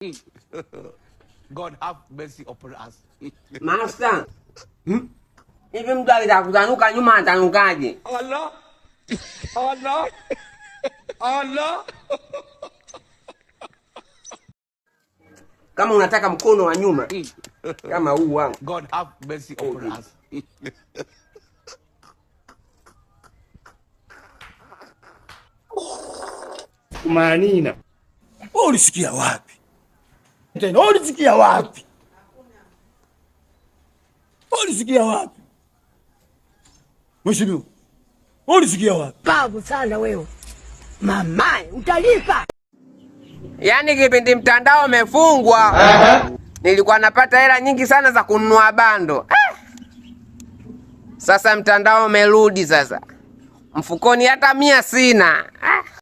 God have mercy upon us. Master. Hmm? Even though Hivi mtu akitakuzanuka nyuma atanukaje? Allah. Allah. Allah. Kama unataka mkono wa nyuma hmm. kama huu wangu. God have mercy upon oh, us. Kumanina. Wewe ulisikia wapi? tena ulisikia wapi? Ulisikia wapi mheshimiwa? Ulisikia wapi? Babu sana wewe, mamae utalipa. Yaani kipindi mtandao umefungwa, uh -huh. nilikuwa napata hela nyingi sana za kununua bando ah. Sasa mtandao umerudi, sasa mfukoni hata mia sina ah.